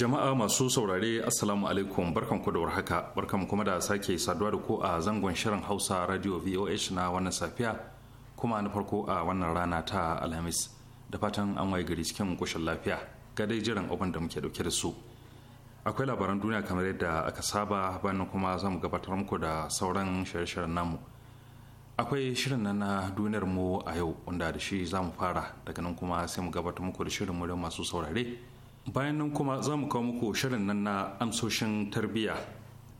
Jama'a masu saurare Assalamu alaikum barkanku da warhaka barkan kuma da sake saduwa da ku a zangon shirin Hausa Radio VOH na wannan safiya kuma na farko a wannan rana ta Alhamis da fatan an waye gari cikin kushin lafiya ga dai jiran abin da muke dauke da su. Akwai labaran duniya kamar yadda aka saba bayan kuma zamu gabatar muku da sauran shirye-shiryen namu. Akwai shirin na duniyar mu a yau wanda da shi zamu fara daga nan kuma sai mu gabatar muku da shirin mu masu saurare. bayan nan kuma za mu kawo muku shirin nan na amsoshin tarbiyya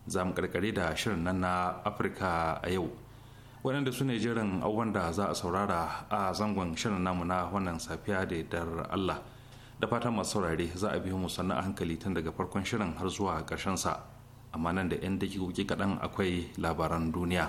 za mu karkare da shirin nan na afirka a yau waɗanda su ne jiran abubuwan da za a saurara a zangon shirin namu na wannan safiya da dar allah da fatan masu saurare za a biyo mu sannan a hankali tun daga farkon shirin har zuwa ƙarshen sa amma nan da 'yan dakikoki kaɗan akwai labaran duniya.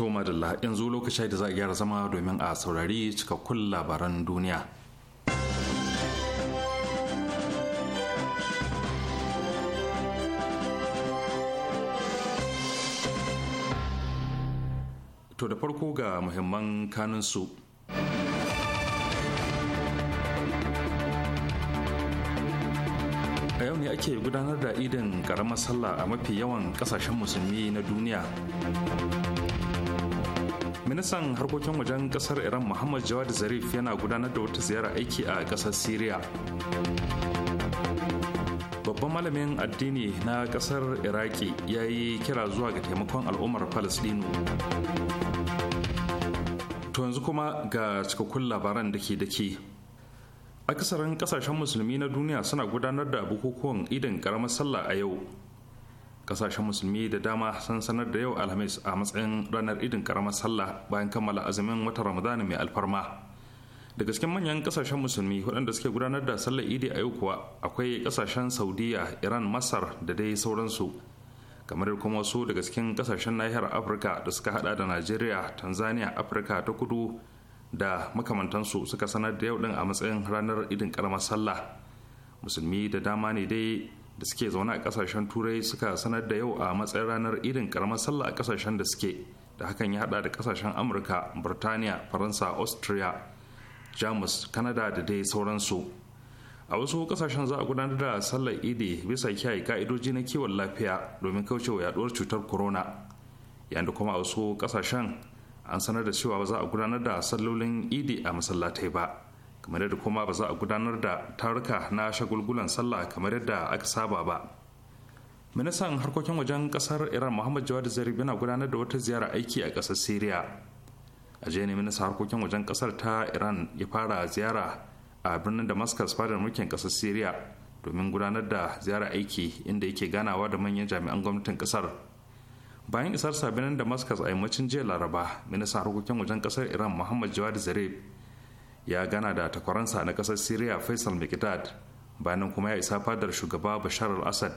To madalla yanzu lokaci da za a gyara zama domin a saurari cikakkun labaran duniya. To da farko ga muhimman kanunsu. A yau ne ake gudanar da idin ƙaramar sallah a mafi yawan ƙasashen musulmi na duniya. ministan harkokin wajen kasar iran muhammad jawad zarif yana gudanar da wata ziyara aiki a kasar syria babban malamin addini na kasar iraki ya yi kira zuwa ga taimakon al'ummar palestino to yanzu kuma ga cikakkun labaran da ke dake akasarin kasashen musulmi na duniya suna gudanar da bukukuwan idan karamar sallah a yau kasashen musulmi da dama sun sanar da yau alhamis a matsayin ranar idin karamar sallah bayan kammala azumin watan ramadana mai alfarma da gaske manyan kasashen musulmi waɗanda suke gudanar da sallar idi a yau kuwa akwai kasashen saudiya iran masar da dai sauransu kamar kuma wasu daga cikin kasashen nahiyar afirka da suka hada da najeriya tanzania afirka ta kudu da makamantansu suka sanar da yau din a matsayin ranar idin karamar sallah musulmi da dama ne dai da suke zaune a kasashen turai suka sanar da yau a matsayin ranar irin karamar sallah a kasashen da suke da hakan ya hada da kasashen amurka burtaniya faransa austria jamus Kanada da dai sauransu a wasu kasashen za a gudanar da sallar idi bisa kiyaye ka'idoji na kiwon lafiya domin kaucewa yaduwar cutar corona yayin da kuma a wasu kasashen an sanar da cewa ba za a gudanar da sallolin idi a masallatai ba kamar yadda kuma ba za a gudanar da taruka na shagulgulan sallah kamar yadda aka saba ba ministan harkokin wajen kasar iran muhammad jawad zarif yana gudanar da wata ziyara aiki a kasar syria a jiya ne ministan harkokin wajen kasar ta iran ya fara ziyara a birnin damascus fadar mulkin kasar syria domin gudanar da ziyara aiki inda yake ganawa da manyan jami'an gwamnatin kasar bayan isar sabinin damascus a yammacin jiya laraba ministan harkokin wajen kasar iran muhammad jawad zarif ya gana da takwaransa na ƙasar syria faisal mikitad bayan kuma ya isa fadar shugaba bashar al-assad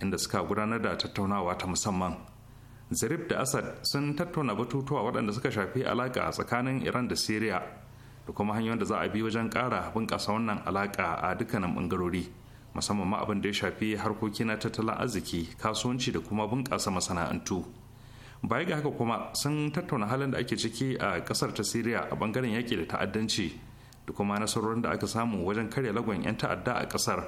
inda suka gudanar da tattaunawa ta musamman zarif da assad sun tattauna batutuwa waɗanda suka shafi alaƙa tsakanin iran da syria da kuma hanyoyin da za a bi wajen ƙara bunƙasa wannan alaƙa a dukkanin ɓangarori musamman ma abin da ya shafi harkoki na tattalin arziki kasuwanci da kuma bunƙasa masana'antu baya ga haka kuma sun tattauna halin da ake ciki a kasar ta siriya a bangaren yaƙi da ta'addanci da kuma nasarorin da aka samu wajen karya lagon 'yan ta'adda a kasar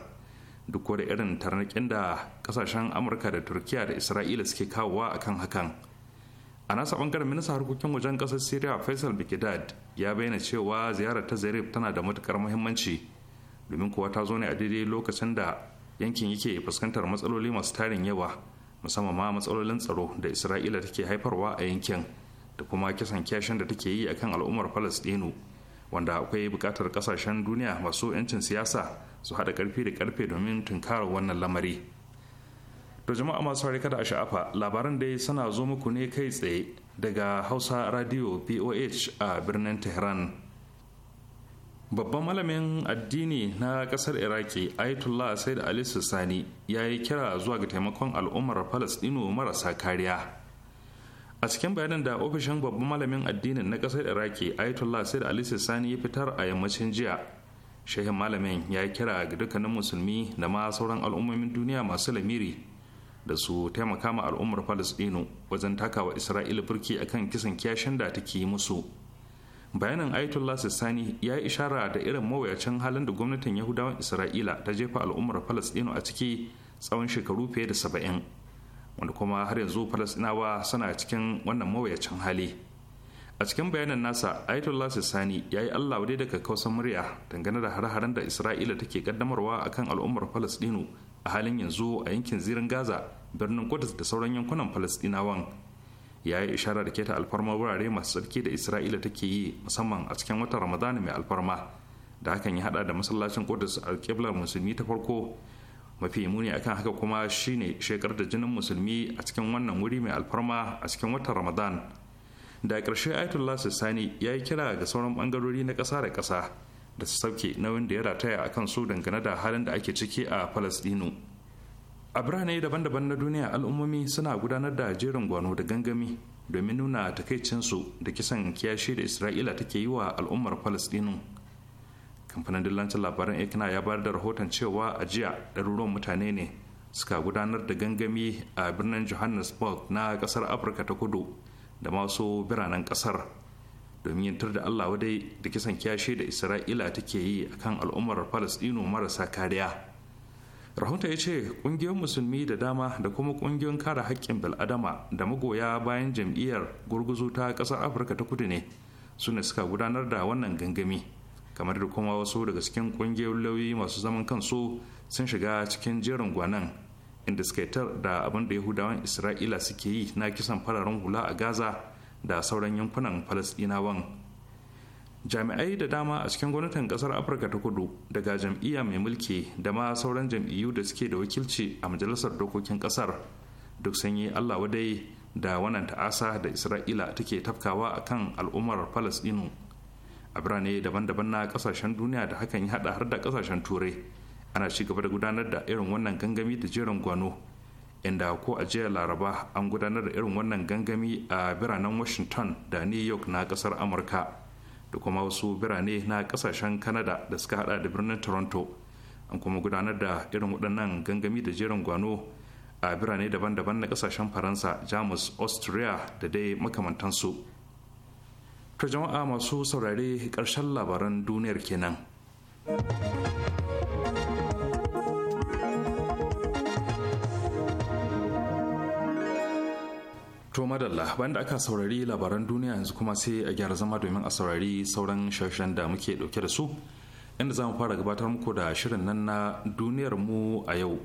duk da irin tarnakin da kasashen amurka da turkiya da isra'ila suke kawowa a kan hakan a nasa bangaren minista harkokin wajen kasar siriya faisal bikidad ya bayyana cewa ziyarar ta zarif tana da matukar muhimmanci domin kuwa ta zo ne a daidai lokacin da yankin yake fuskantar matsaloli masu tarin yawa musamman ma matsalolin tsaro da isra'ila take haifarwa a yankin da kuma kisan kyashin da take yi akan al'ummar falastinu wanda akwai buƙatar ƙasashen duniya masu 'yancin siyasa su haɗa ƙarfi da ƙarfe domin tunkara wannan lamari to jama'a masu harika da sha'afa labaran dai suna zo muku ne kai tsaye daga hausa radio boh a birnin tehran babban malamin addini na kasar iraki ayatollah said ali sani ya yi kira zuwa ga taimakon al'ummar palestino marasa kariya a cikin bayanin da ofishin babban malamin addinin na kasar iraki ayatollah said ali sani ya fitar a yammacin jiya shehin malamin ya yi kira ga dukkanin musulmi da ma sauran al'ummomin duniya masu lamiri da su taimaka ma al'ummar palestino wajen takawa isra'ila birki akan kisan kiyashin da take musu bayanin ayatollah sani ya yi ishara da irin mawuyacin halin da gwamnatin yahudawan isra'ila ta jefa al'ummar falastinu a ciki tsawon shekaru fiye da saba'in wanda kuma har yanzu falastinawa suna cikin wannan mawuyacin hali a cikin bayanin nasa ayatollah sani ya yi allah wadai daga kausan murya dangane da hare-haren da isra'ila take kaddamarwa akan al'ummar Falasɗinu a halin yanzu a yankin zirin gaza birnin kudus da sauran yankunan falastinawan ya yi isharar da keta alfarma wurare masu tsarki da isra'ila take yi musamman a cikin watan ramadana mai alfarma da hakan ya hada da masallacin kudus alkiblar musulmi ta farko mafi muni akan haka kuma shine shekar da jinin musulmi a cikin wannan wuri mai alfarma a cikin watan ramadan da ƙarshe ayatollah sani ya yi kira ga sauran bangarori na ƙasa da ƙasa da su sauke nauyin da ya rataya akan su dangane da halin da ake ciki a Falasdino. a birane daban-daban na duniya al'ummomi suna gudanar da jerin gwano da gangami domin nuna takaicinsu da kisan kiyashi da isra'ila take yi wa al'ummar palestinin kamfanin dillancin labaran ekina ya bayar da rahoton cewa a jiya ɗaruruwan mutane ne suka gudanar da gangami a birnin johannesburg na ƙasar afirka ta kudu da masu biranen ƙasar domin yantar da allah wadai da kisan kiyashi da isra'ila take yi akan al'ummar palestino marasa kariya rahoto ya ce ƙungiyoyin musulmi da dama da kuma ƙungiyoyin kare haƙƙin bil'adama da magoya bayan jam'iyyar gurguzu ta ƙasar afirka ta kudu ne su ne suka gudanar da wannan gangami kamar da kuma wasu daga cikin ƙungiyoyin lauyi masu zaman kansu sun shiga cikin jerin gwanan inda suka tar da abin da yahudawan isra'ila suke yi na kisan fararen hula a gaza da sauran yankunan falasɗinawan jami'ai da dama a cikin gwamnatin kasar afirka ta kudu daga jam'iyya mai mulki da ma sauran jam'iyyu da suke da wakilci a majalisar dokokin kasar duk sun yi allah wadai da wannan ta'asa da isra'ila take tafkawa a kan al'ummar palestinu a birane daban-daban na kasashen duniya da hakan ya hada har da kasashen turai ana ci gaba da gudanar da irin wannan gangami da jerin gwano inda ko a jiya laraba an gudanar da irin wannan gangami a biranen washington da new york na kasar amurka da kuma wasu birane na kasashen canada da suka hada da birnin toronto an kuma gudanar da irin waɗannan gangami da jerin gwano a birane daban-daban na kasashen faransa jamus austria da dai makamantansu ta jama'a masu saurare ƙarshen labaran duniyar kenan. To madalla bayan da aka saurari labaran duniya yanzu kuma sai a gyara zama domin a saurari sauran shashen da muke dauke da su inda za mu fara gabatar muku da shirin nan na duniyar mu a yau.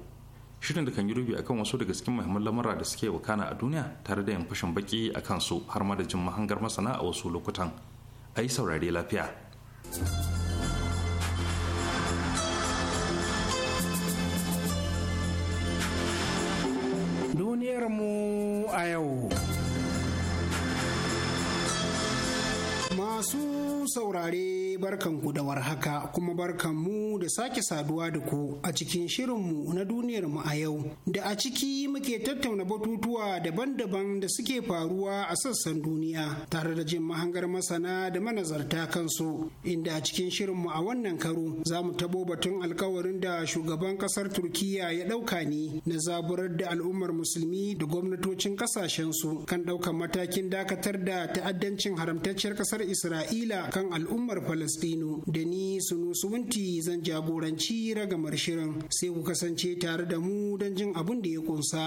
Shirin da kan yi rubi akan wasu daga cikin muhimman lamura da suke wakana a duniya tare da yin fashin baki a kansu har ma da jin mahangar masana a wasu lokutan. ayi saurari lafiya. duniyarmu a yau. Masu saurare barkanku da warhaka kuma barkanmu da sake saduwa da ku a cikin shirinmu na duniyar mu a yau da a ciki muke tattauna batutuwa daban-daban da suke faruwa a sassan duniya tare da jin mahangar masana da manazarta kansu inda a cikin shirinmu a wannan karo za mu tabo batun alkawarin da shugaban kasar Turkiyya ya ɗauka ne na zaburar da al'ummar musulmi da gwamnatocin kasashensu kan ɗaukar matakin dakatar da ta'addancin haramtacciyar kasar isra'ila kan al'ummar Falastino. da ni sunu suwunti zan jagoranci ragamar shirin sai ku kasance tare da mu don jin abin da ya kunsa.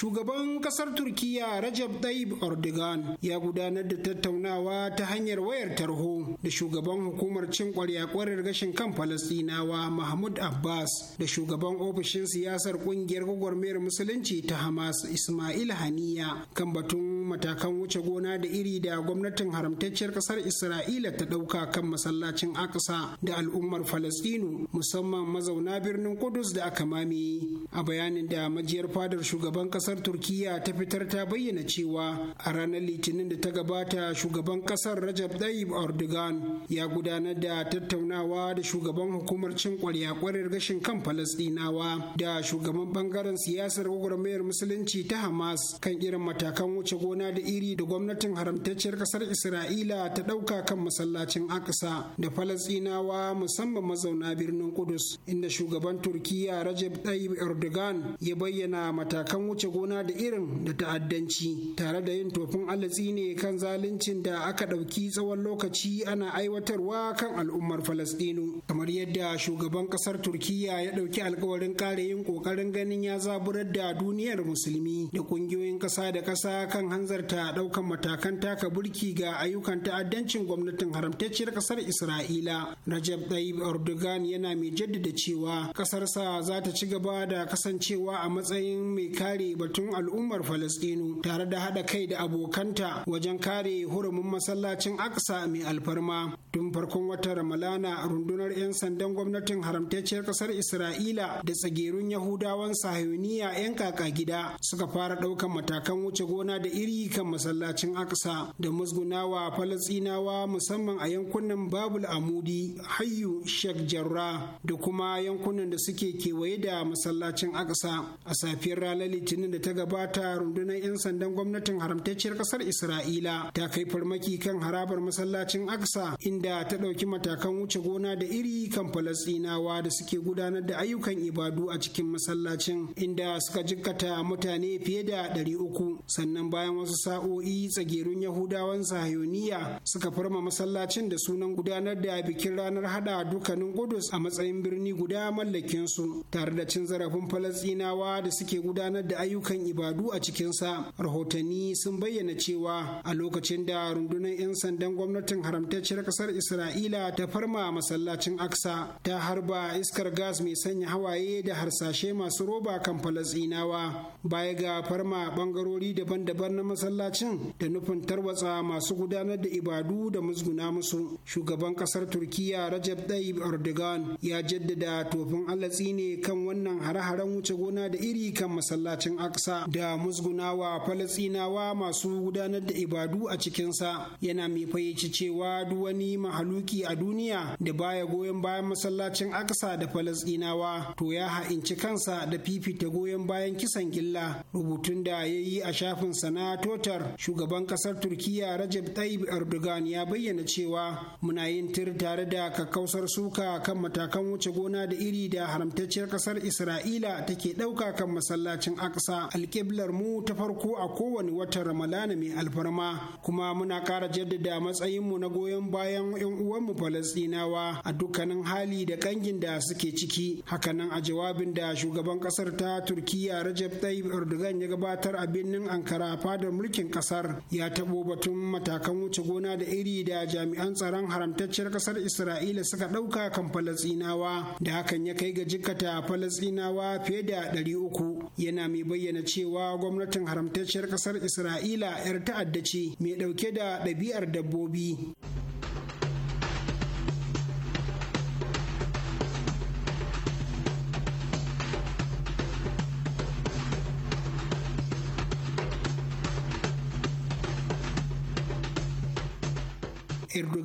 Shugaban kasar Turkiya Rajab Tayyip Erdogan ya gudanar da tattaunawa ta hanyar wayar tarho da shugaban hukumar cin kwarya kwarar gashin kan Falastinawa Mahmud Abbas da shugaban ofishin siyasar kungiyar gwagwarmayar musulunci ta Hamas Ismail Haniya kan batun matakan wuce gona da iri da gwamnatin haramtacciyar kasar isra'ila ta ɗauka kan masallacin aksa da al'ummar falastinu musamman mazauna birnin kudus da aka mame a bayanin da majiyar fadar shugaban kasar turkiya ta fitar ta bayyana cewa a ranar litinin da ta gabata shugaban kasar rajab tayyip erdogan ya gudanar da tattaunawa da shugaban hukumar cin kwarya-kwarar gashin kan falastinawa da shugaban bangaren siyasar gwagwarmayar musulunci ta hamas kan irin matakan wuce gona gona da iri da gwamnatin haramtacciyar kasar isra'ila ta ɗauka kan masallacin aksa da falasinawa musamman mazauna birnin kudus inda shugaban turkiya rajab tayyip erdogan ya bayyana matakan wuce gona da irin da ta'addanci tare da yin tofin alatsi ne kan zaluncin da aka ɗauki tsawon lokaci ana aiwatarwa kan al'ummar falasɗinu kamar yadda shugaban kasar turkiya ya ɗauki alkawarin kare yin ƙoƙarin ganin ya zaburar da duniyar musulmi da ƙungiyoyin ƙasa da ƙasa kan hanzar hanzarta ɗaukan matakan taka burki ga ayyukan ta'addancin gwamnatin haramtacciyar ƙasar Isra'ila. Rajab Tayyip Erdogan yana mai jaddada cewa ƙasarsa za ta ci gaba da kasancewa a matsayin mai kare batun al'ummar Falasɗinu tare da haɗa kai da abokanta wajen kare hurumin masallacin Aksa mai alfarma. Tun farkon wata Ramalana rundunar 'yan sandan gwamnatin haramtacciyar ƙasar Isra'ila da tsagerun Yahudawan Sahiyoniya 'yan kaka gida suka fara ɗaukan matakan wuce gona da iri kan masallacin aksa da musgunawa falasinawa musamman a yankunan babul amudi hayyu shek jarra da kuma yankunan da suke kewaye da masallacin aksa a safiyar ranar litinin da ta gabata rundunar 'yan sandan gwamnatin haramtacciyar kasar isra'ila ta kai farmaki kan harabar masallacin aksa inda ta ɗauki matakan wuce gona da iri kan falasinawa da suke gudanar da ayyukan ibadu a cikin masallacin inda suka jikkata mutane fiye da 300 sannan bayan wasu sa'o'i tsagerun yahudawan sahayoniya suka farma masallacin da sunan gudanar da bikin ranar hada dukkanin gudus a matsayin birni guda mallakin su tare da cin zarafin falasɗinawa da suke gudanar da ayyukan ibadu a cikinsa rahotanni sun bayyana cewa a lokacin da rundunar 'yan sandan gwamnatin haramtacciyar ƙasar isra'ila ta farma masallacin aksa ta harba iskar gas mai sanya hawaye da harsashe masu roba kan falasɗinawa baya ga farma bangarori daban-daban na masallacin da nufin tarwatsa masu gudanar da ibadu da musguna musu shugaban kasar turkiya rajab tayyip erdogan ya jaddada tofin alatsi ne kan wannan hare-haren wuce gona da iri kan masallacin aksa da musgunawa falastinawa masu gudanar da ibadu a cikinsa yana mai fayyace cewa duk wani mahaluki a duniya da baya goyon bayan masallacin aksa da falastinawa to ya ha'inci kansa da fifita goyon bayan kisan gilla rubutun da ya yi a shafin sana totar shugaban kasar Turkiyya, rajab tayyip erdogan ya bayyana cewa muna yin tir tare da kakkausar suka kan matakan wuce gona da iri da haramtacciyar kasar isra'ila take ɗauka kan masallacin aksa alƙiblar mu ta farko a kowane watan ramalana mai alfarma kuma muna ƙara jaddada matsayin mu na goyon bayan 'yan uwanmu falastinawa a dukkanin hali da kangin da suke ciki hakanan a jawabin da shugaban kasar ta turkiya rajab tayyip erdogan ya gabatar a birnin ankara fadar kundin mulkin kasar ya tabo batun matakan wuce gona da iri da jami'an tsaron haramtacciyar kasar isra'ila suka ɗauka kan falasinawa da hakan ya kai ga jikata falasinawa fiye da ɗari uku yana mai bayyana cewa gwamnatin haramtacciyar kasar isra'ila 'yar ta'adda ce mai ɗauke da ɗabi'ar dabbobi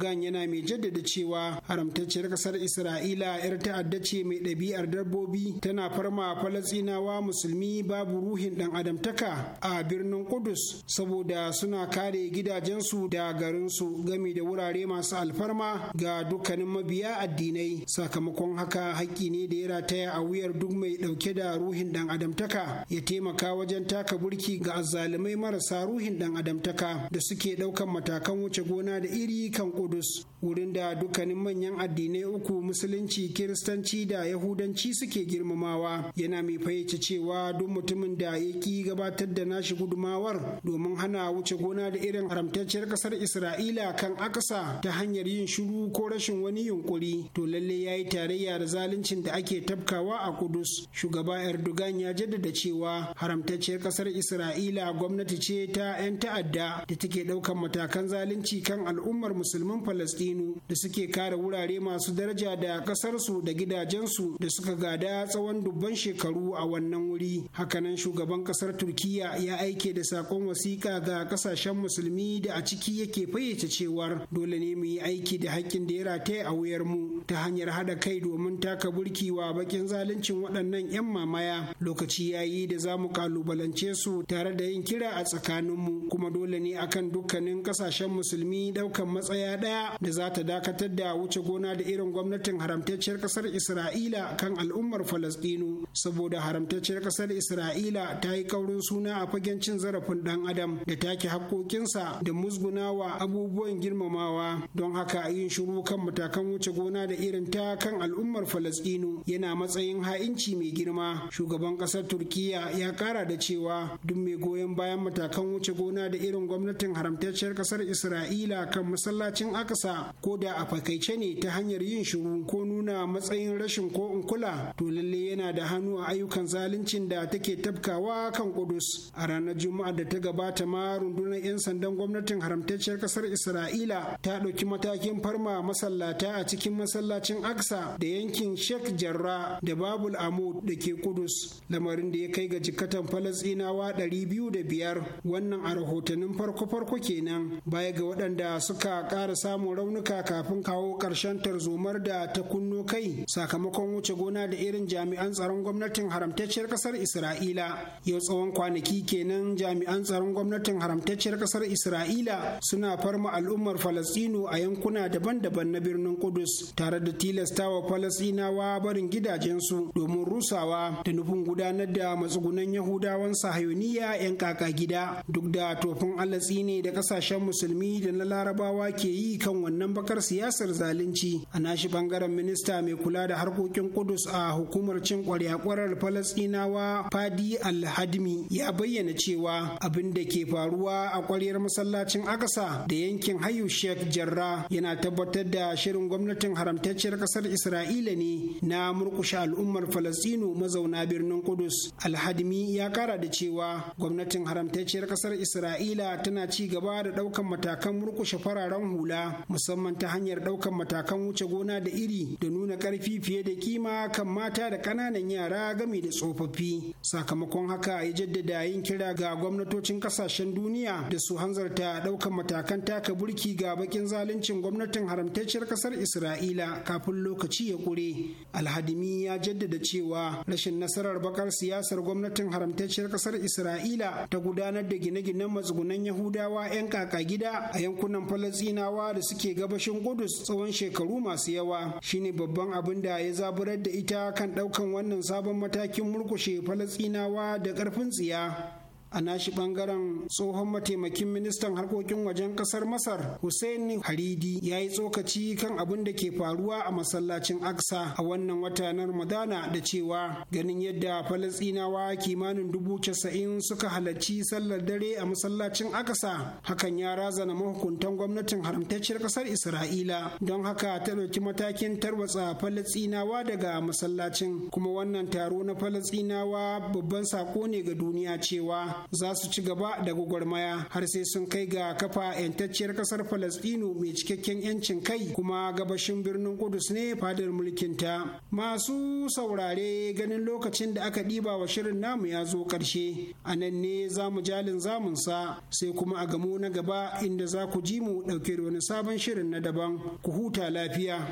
erdogan yana mai jaddada cewa haramtacciyar ƙasar isra'ila yar ta'adda ce mai ɗabi'ar dabbobi tana farma falastinawa musulmi babu ruhin ɗan adamtaka a birnin kudus saboda suna kare gidajensu da garinsu game da wurare masu alfarma ga dukkanin mabiya addinai sakamakon haka haƙƙi ne da ya rataya a wuyar duk mai ɗauke da ruhin ɗan adamtaka ya taimaka wajen taka burki ga azzalumai marasa ruhin ɗan adamtaka da suke ɗaukan matakan wuce gona da iri kan kudus Kudus wurin da dukkanin manyan addinai uku musulunci kiristanci da yahudanci suke girmamawa yana mai fayyace cewa duk mutumin da ya ki gabatar da nashi gudumawar domin hana wuce gona da irin haramtacciyar ƙasar isra'ila kan akasa ta hanyar yin shiru ko rashin wani yunkuri to lalle ya yi tarayya da zaluncin da ake tafkawa a kudus shugaba erdogan ya jaddada cewa haramtacciyar ƙasar isra'ila gwamnati ce ta 'yan ta'adda da take ɗaukan matakan zalunci kan al'ummar musulmin Falastinu da suke kare wurare masu daraja da kasarsu da gidajensu da suka gada tsawon dubban shekaru a wannan wuri. Hakanan shugaban kasar Turkiya ya aike da sakon wasiƙa ga kasashen musulmi da a ciki yake fayyace cewar dole ne mu yi aiki da haƙƙin da ya rataya a wuyar mu ta hanyar haɗa kai domin taka burki wa bakin zaluncin waɗannan 'yan mamaya lokaci ya yi da za mu kalubalance su tare da yin kira a tsakaninmu kuma dole ne akan dukkanin kasashen musulmi ɗaukan matsaya ɗaya daya da za ta dakatar da wuce gona da irin gwamnatin haramtacciyar kasar isra'ila kan al'ummar falastinu saboda haramtacciyar kasar isra'ila ta yi kaurin suna a fagen cin zarafin ɗan adam da take haƙƙoƙinsa da musgunawa abubuwan girmamawa don haka yin shiru kan matakan wuce gona da irin ta kan al'ummar falastinu yana matsayin ha'inci mai girma shugaban ƙasar turkiya ya ƙara da cewa duk mai goyon bayan matakan wuce gona da irin gwamnatin haramtacciyar kasar isra'ila kan masallacin haƙasa ko da a fakaice ne ta hanyar yin shiru ko nuna matsayin rashin ko in kula to lalle yana da hannu a ayyukan zaluncin da take tafkawa kan Kudus a ranar Juma'a da ta gabata ma rundunar 'yan sandan gwamnatin haramtacciyar ƙasar Isra'ila ta ɗauki matakin farma masallata a cikin masallacin Aksa da yankin Sheikh Jarra da Babul Amud da ke Kudus lamarin da ya kai ga jikatan ɗari biyu da biyar wannan a rahotannin farko-farko kenan baya ga waɗanda suka ƙarasa samun raunuka kafin kawo ƙarshen tarzomar da ta kunno kai sakamakon wuce gona da irin jami'an tsaron gwamnatin haramtacciyar ƙasar Isra'ila. Yau tsawon kwanaki kenan jami'an tsaron gwamnatin haramtacciyar ƙasar Isra'ila suna farma al'ummar Falasɗinu a yankuna daban-daban na birnin Kudus tare da tilastawa Falasɗinawa barin gidajensu domin rusawa da nufin gudanar da matsugunan Yahudawan Sahayoniya 'yan kaka gida duk da tofin alatsi ne da ƙasashen musulmi da na larabawa ke yi kan wannan bakar siyasar zalunci a nashi bangaren minista mai kula da harkokin kudus a hukumar cin kwaryakwarar falasɗinawa fadi alhadmi ya bayyana cewa abin da ke faruwa a kwaryar masallacin akasa da yankin hayu sheikh jarra yana tabbatar da shirin gwamnatin haramtacciyar kasar isra'ila ne na murkushe al'ummar falasino mazauna birnin kudus alhadmi ya kara da cewa gwamnatin haramtacciyar kasar isra'ila tana ci gaba da ɗaukan matakan murkushe fararen hula musamman ta hanyar ɗaukan matakan wuce gona da iri da nuna ƙarfi fiye da kima kan mata da ƙananan yara gami da tsofaffi sakamakon haka ya jaddada yin kira ga gwamnatocin ƙasashen duniya da su hanzarta ɗaukan matakan taka burki ga bakin zaluncin gwamnatin haramtacciyar ƙasar isra'ila kafin lokaci ya ƙure alhadimi ya jaddada cewa rashin nasarar bakar siyasar gwamnatin haramtacciyar ƙasar isra'ila ta gudanar da gine-ginen matsugunan yahudawa 'yan kaka gida a yankunan falasinawa da suke gabashin Kudus tsawon shekaru masu yawa shine babban abin da ya zaburar da ita kan ɗaukan wannan sabon matakin murkushe falasinawa da karfin tsiya. a nashi bangaren tsohon mataimakin ministan harkokin wajen kasar masar hussein haridi ya yi tsokaci kan abin da ke faruwa a masallacin aksa a wannan wata na ramadana da cewa ganin yadda falasinawa kimanin dubu casa'in suka halarci sallar dare a masallacin aksa hakan ya razana mahukuntan gwamnatin haramtacciyar kasar isra'ila don haka ta ɗauki matakin tarwatsa falasinawa daga masallacin kuma wannan taro na falasinawa babban sako ne ga duniya cewa za su ci gaba da gwagwarmaya har sai sun kai ga kafa 'yantacciyar kasar Falasɗinu mai cikakken 'yancin kai kuma gabashin birnin Kudus ne fadar mulkinta. Masu saurare ganin lokacin da aka ɗiba wa shirin namu ya zo ƙarshe, a nan ne za mu jalin zamunsa sai kuma a gamo na gaba inda za ku ji mu ɗauke da wani sabon shirin na daban ku huta lafiya.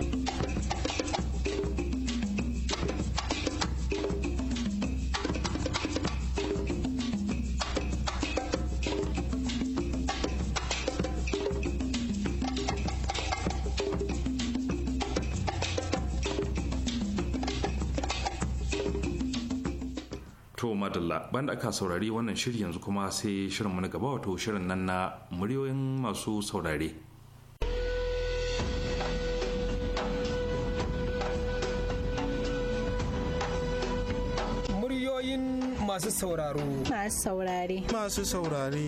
madalla banda aka saurari wannan shirin yanzu kuma sai shirin na gaba wato shirin nan na muryoyin masu saurare muryoyin masu sauraro masu saurare masu saurare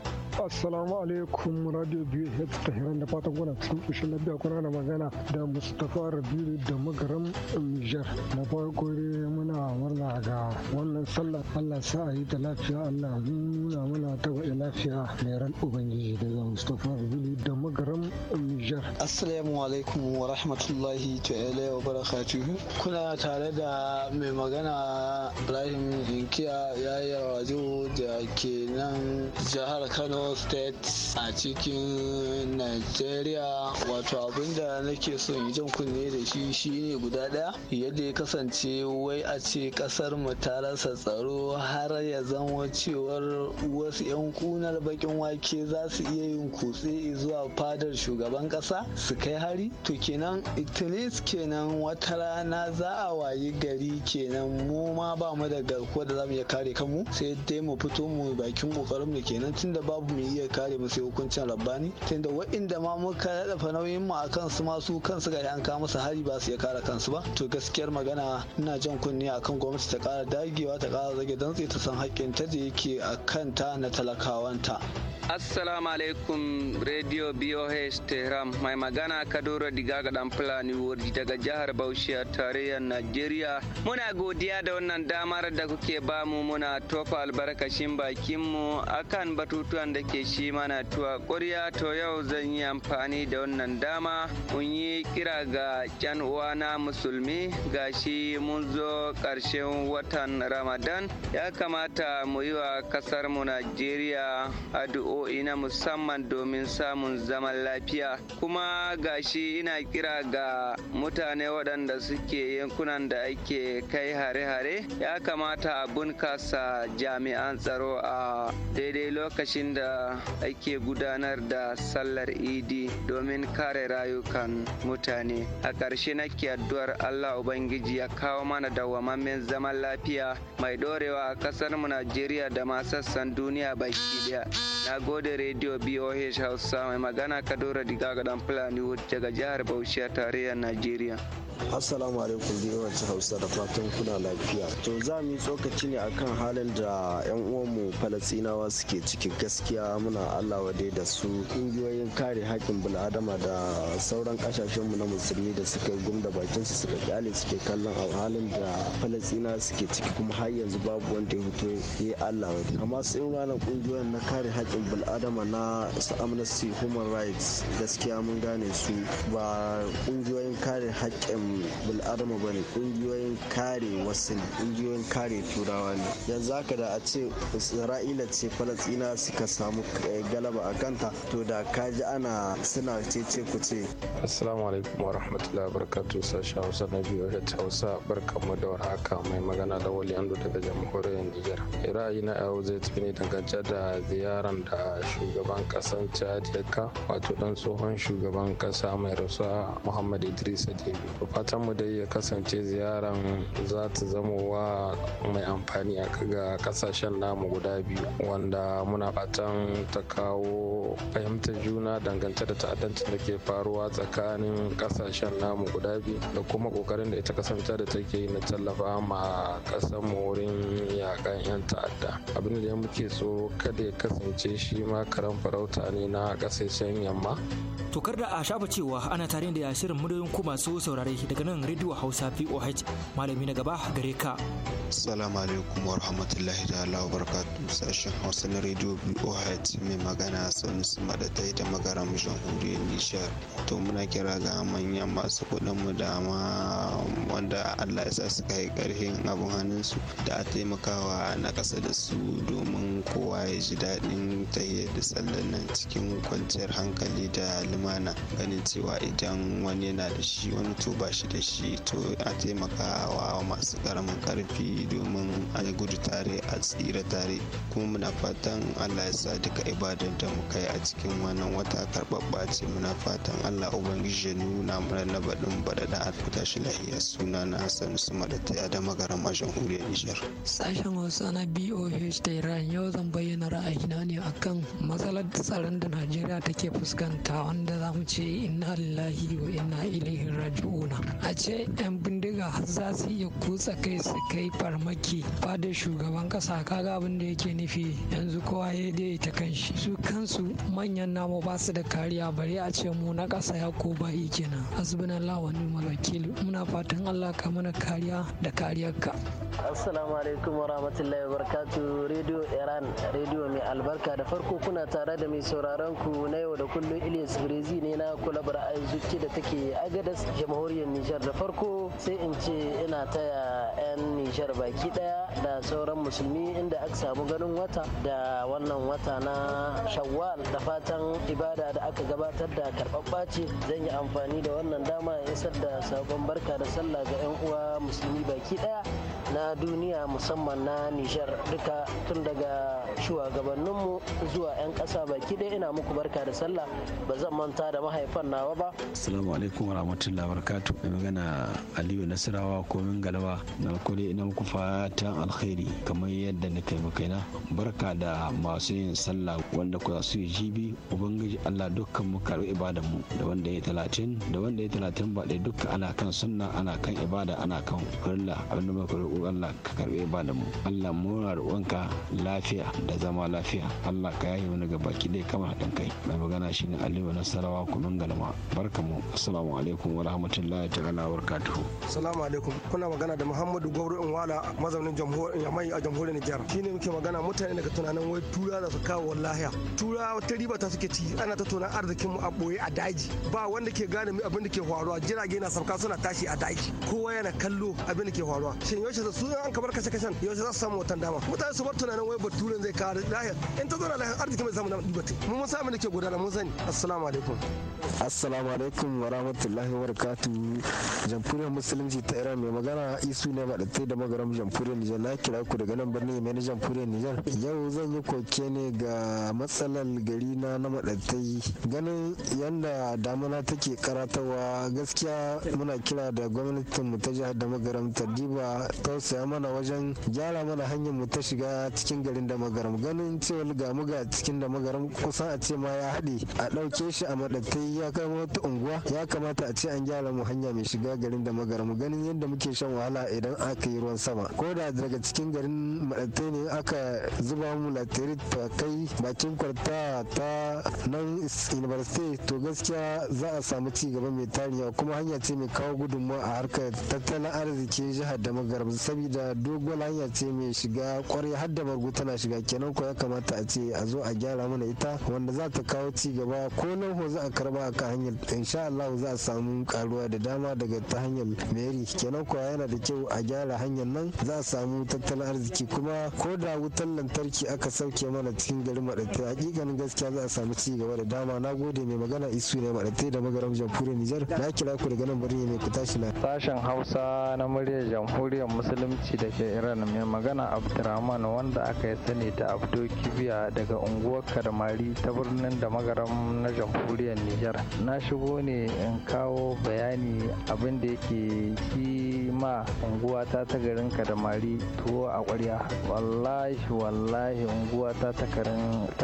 Assalamu alaikum Radio ta Hiran da fatan kuna cikin na biya kuna da magana da Mustapha Rabiru da magaram Niger. Na farko dai muna murna ga wannan sallah Allah sa a yi ta lafiya Allah nuna muna ta baɗi lafiya mai ran Ubangiji daga Mustapha Rabiru da magaram Niger. Assalamu alaikum wa rahmatullahi ta'ala wa barakatuhu. Kuna tare da mai magana Ibrahim Inkiya yayi rajo da ke nan jihar Kano a cikin Nigeria wato abinda nake son yi jan kunne da shi shine guda daya. yadda ya kasance wai a ce kasar mu ta rasa tsaro har ya zama cewar wasu 'yan kunar bakin wake za su iya yin kutse zuwa fadar shugaban kasa su kai hari to kenan itilis kenan wata rana za a wayi gari kenan mu ma ba mu da garkuwa da za mu iya kare kanmu sai dai mu fito mu bakin kokarin mu kenan tunda babu mai iya kare mu sai hukuncin rabbani tunda waɗanda ma muka dafa nauyin mu akan su ma su kansu ga an kawo musu hari ba su ya kare kansu ba to gaskiyar magana ina jan kunne akan gwamnati ta kara dagewa ta kara zage dantse ta san haƙƙin ta da yake a kanta na talakawanta Assalamu alaikum Radio BOH Tehran mai magana Kadura Diga ga dan Fulani daga jihar Bauchi a tarayyar Najeriya. Muna godiya da wannan damar da kuke bamu muna tofa albarkashin bakin mu akan batutuwan da ke shi mana tuwa ƙwarya to yau zan yi amfani da wannan dama mun yi kira ga can uwana musulmi ga shi mun zo ƙarshen watan Ramadan ya kamata mu yi wa kasar mu Najeriya addu'o addu'o'i musamman domin samun zaman lafiya kuma gashi ina kira ga mutane waɗanda suke yankunan da ake kai hare-hare ya kamata a bunkasa jami'an tsaro a daidai lokacin da ake gudanar da sallar idi domin kare rayukan mutane a ƙarshe nake addu'ar allah ubangiji ya kawo mana dawwamammen zaman lafiya mai dorewa a ƙasarmu najeriya da ma sassan duniya baki daya gode radio BOH Hausa mai magana Kadora Diga ga dan Fulani daga jihar Bauchi tarayyar Najeriya. Assalamu alaikum BOH Hausa da fatan kuna lafiya. To za mu yi tsokaci ne akan halin da yan uwanmu Falasinawa suke ciki gaskiya muna Allah wade da su kungiyoyin kare haƙƙin bil'adama da sauran kasashenmu na musulmi da suka da bakin su suka kyale suke kallon a halin da Falasinawa suke ciki kuma har yanzu babu wanda ya fito ya Allah wade. Amma sun ranar kungiyoyin na kare haƙƙin bil'adama na amnesty human rights gaskiya mun gane su ba ƙungiyoyin kare haƙƙin bil'adama ba ne ƙungiyoyin kare wasu ne ƙungiyoyin kare turawa ne yanzu haka da a ce isra'ila ce falastina suka samu eh, galaba a kanta to da ka ji ana suna cece ku ce assalamu alaikum wa rahmatullahi wa barakatu sashi hausa na biyu da hausa barkamu da warhaka mai magana da wali ando daga jamhuriyar niger ra'ayi na yau zai tafi ne dangance da ziyaran da shugaban kasan chad yaka wato ɗan tsohon shugaban ƙasa mai rasuwa muhammad idris adebi fatan mu dai ya kasance ziyaran za ta zama wa mai amfani a ga kasashen namu guda biyu wanda muna fatan ta kawo fahimtar juna dangance da ta'addancin da ke faruwa tsakanin ƙasashen namu guda biyu da kuma ƙoƙarin da ita kasance da take yi na tallafa ma kasan mu wurin yakan yan ta'adda abin da muke so kada ya kasance shi shi ma karan farauta ne na kasashen yamma tokar da a shafa cewa ana tare da shirin muryoyin ku masu saurare daga nan rediyo hausa voh malami na gaba gare ka Assalamu alaikum wa rahmatullahi ta'ala wa barakatuhu sashen Hausa na rediyo BOH mai magana Sanusi Madatai da magaram jamhuriyar Nijar. To muna kira ga manyan masu kuɗin mu da ma wanda Allah ya sa suka yi ƙarfin abin hannun su da a taimakawa na ƙasa da su domin kowa ya ji daɗin ta tsaye da tsallen nan cikin kwanciyar hankali da lumana ganin cewa idan wani yana da shi wani to ba shi da shi to a taimaka wa masu karamin karfi domin a gudu tare a tsira tare kuma muna fatan allah ya sa duka ibadar da muka yi a cikin wannan wata karɓaɓɓa ce muna fatan allah ubangiji ya nuna mana na baɗin baɗaɗa a fita shi lahiya suna na hassan su da ta da magaram a jamhuriyar nijar. sashen wasu na boh da iran yau zan bayyana ra'ayina ne akan kan matsalar tsaron da najeriya take fuskanta wanda za mu ce inna lillahi wa inna ilaihi raji'una a ce yan bindiga za su iya kutsa kai su kai farmaki ba da shugaban kasa kaga abin da yake nufi yanzu kowa ya dai ta kanshi su kansu manyan namu ba su da kariya bari a ce mu na kasa ya ko ba yi kenan allah wa ni'mal wakil muna fatan Allah ka mana kariya da kariyarka assalamu alaikum wa rahmatullahi wa barakatuh radio iran radio mai albarka da farko farko kuna tare da mai sauraron ku na yau da kullum Ilyas Brezi ne na kulabar aizuki da take Agadas jamhuriyar Nijar da farko sai in ce ina taya 'yan Nijar baki daya da sauran musulmi inda aka samu ganin wata da wannan wata na Shawwal da fatan ibada da aka gabatar da karɓaɓɓa ce zan yi amfani da wannan dama isar da sabon barka da sallah ga 'yan uwa musulmi baki daya na duniya musamman na Nijar duka tun daga shugabanninmu zuwa 'yan ƙasa baki dai ina muku barka da sallah ba zan manta da mahaifan nawa ba. Assalamu alaikum wa rahmatullahi wa barakatuh. magana Aliyu Nasarawa min galaba na kuri ina muku fatan alkhairi kamar yadda na kai kaina. Barka da masu yin sallah wanda ku su yi jibi ubangiji Allah dukkan mu karɓi ibadan mu da wanda ya talatin da wanda ya talatin ba ɗaya dukkan ana kan sunna ana kan ibada ana kan kulla abin da muka roƙo Allah ka karɓi ibadan mu. Allah mu roƙonka lafiya da zama lafiya. Allah ka yaye wani ga baki ɗaya kama haɗin kai na magana shi ne Aliyu Nasarawa kunun galma mu assalamu alaikum wa rahmatullahi ta gana wa barakatuhu assalamu alaikum kuna magana da Muhammadu Gwauro Inwala mazaunin jamhuriyar Yamai a jamhuriyar Nijar shi ne muke magana mutane daga tunanin wai tura da su kawo wallahiya tura ta riba ta suke ci ana ta tunan arzikin mu a boye a daji ba wanda ke gane mu abin da ke faruwa jirage na sauka suna tashi a daji kowa yana kallo abin da ke faruwa shin yaushe su an kamar kashe kashen yaushe za su samu watan dama mutane su bar tunanin wai baturen zai kawo lahiya in ta zo wallahi arziki mai zamu na mun mun abin ke gudana mun sani assalamu alaikum assalamu alaikum wa rahmatullahi wa barakatuhu jamhuriyar musulunci ta iran mai magana isu ne maɗatai da magaram jamhuriyar nijar na kira ku daga nan birnin mai na jamhuriyar nijar yau zan yi koke ne ga matsalar gari na na maɗatai ganin yadda damuna take karatawa gaskiya muna kira da gwamnatin mu ta jihar da magaram ta diba tausaya mana wajen gyara mana hanyar mu ta shiga cikin garin da magaram ganin cewa ga mu buga a cikin da magaran kusan a ce ma ya haɗe a ɗauke shi a maɗattai ya kai wata unguwa ya kamata a ce an gyara mu hanya mai shiga garin da mu ganin yadda muke shan wahala idan aka yi ruwan sama ko da daga cikin garin maɗattai ne aka zuba mu latiri ta kai bakin kwarta ta nan university to gaskiya za a samu ci gaba mai tariya kuma hanya ce mai kawo gudunmawa a harkar tattalin arziki jihar da magaram saboda dogon hanya ce mai shiga kwarai har da bargo tana shiga kenan ko ya kamata a ce a zo a gyara mana ita wanda za ta kawo ci gaba ko nan za a karba a hanyar insha Allah za a samu karuwa da dama daga ta hanyar meri kenan kuwa yana da kyau a gyara hanyar nan za a samu tattalin arziki kuma ko da wutar lantarki aka sauke mana cikin garin madatai hakikanin gaskiya za a samu ci gaba da dama na gode mai magana isu ne madatai da magaram jamhuriyar Nijar na kira ku daga nan birni mai ku tashi na sashen Hausa na muryar jamhuriyar musulunci da ke Iran mai magana Abdurrahman wanda aka yi sani da Abdul Kibiya daga daga unguwar karmari ta birnin da magaram na jamhuriyar nijar na shigo ne in kawo bayani abin da yake ki ma unguwata ta garin kadamari tuwo a kwarya wallahi wallahi unguwata ta